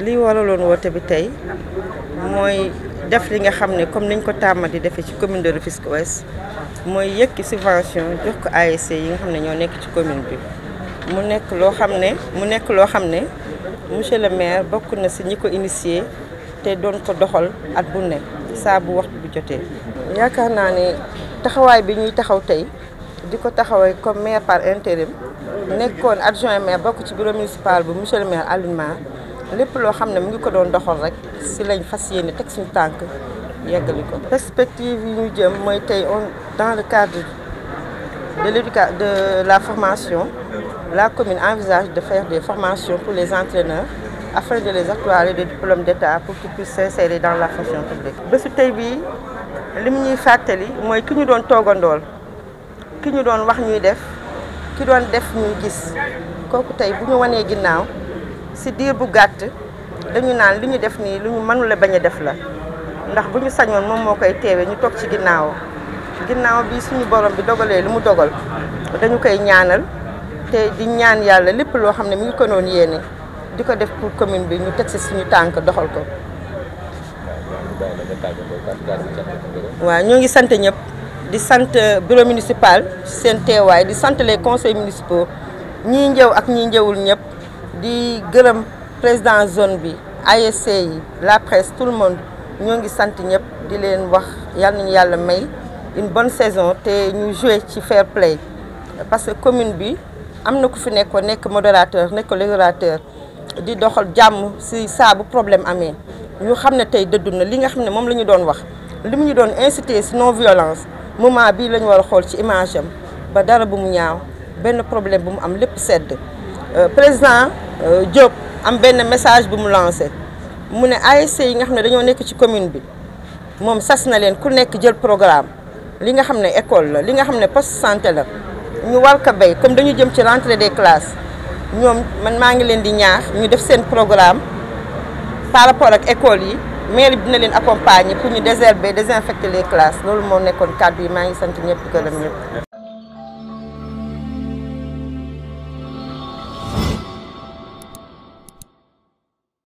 lii waraloon woote bi tey mooy def li nga xam ne comme niñ ko tàmma di defee ci commune de Rufisque Ouest mooy yëkki subvention jox ko ASC yi nga xam ne ñoo ci commune bi mu nekk loo xam ne mu nekk loo xam monsieur le maire bokk na si ñi ko initié te doon ko doxal at bu nekk saa bu waxtu bu jotee yaakaar naa ne taxawaay bi ñuy taxaw tey di ko taxawee comme maire par intérim nekkoon adjoint maire bokk ci bureau municipal bu monsieur le maire des lépp loo xam ne mu ngi ko doon doxal rek si lañ fas yéene teg suñu tànk yeggali ko. perspective yi ñu jëm mooy tey on dans le cadre de l'éducation de la formation la commune envisage de faire des formations pour les entraîneurs afin de les actualiser de diplôme d'État pour qu'ils puissent s'insérer dans la fonction publique. bésu tey bii li mu ñuy fàttali mooy ki ñu doon toogandool ki ñu doon wax ñuy def ki doon def ñuy gis kooku tey bu ñu wanee ginnaaw. si diir bu gàtt dañu naan li ñu def nii lu ñu mënula bañ a def la ndax bu ñu sañoon moom moo koy teewe ñu toog ci ginnaaw ginnaaw bi suñu borom bi dogalee lu mu dogal dañu koy ñaanal te di ñaan yàlla lépp loo xam ne mi ngi ko noonu yéene di ko def pour commune bi ñu teg si suñu tànk doxal ko. waaw ñoo ngi sant ñëpp di sant bureau municipal seen teewaay di sant les conseils municipaux ñii njëw ak ñii njëwul ñëpp. di gërëm président zone bi ASCI, la presse tout le monde ñoo ngi sant ñep di leen wax yalla nañu yalla may une bonne saison té ñu jouer ci fair play parce que commune bi amna na ku fi nekk nekk modérateur nekk régulateur di doxal jamm si ça bu problème amé ñu xamné tay tey na li nga xamné mom lañu doon wax li mu ñu doon inciter non violence moment bi lañu ñu war ci image am ba dara bu mu ñaaw ben problème bu mu am lepp sedd euh, président Euh, Diop am benn message bu mu lancé mu ne ASC yi nga xam ne dañoo nekk ci commune bi moom sas na leen ku nekk jël programme li nga xam ne école la li nga xam ne post santé la ñu war ko béy comme dañu jëm ci rentrée des classes ñoom man maa ngi leen di ñaax ñu def seen programme par rapport ak école yi mairie bi na leen accompagne pour ñu désherber désinfecter les classes loolu moo nekkoon kàddu yi maa ngi sant ñëpp di gërëm ñëpp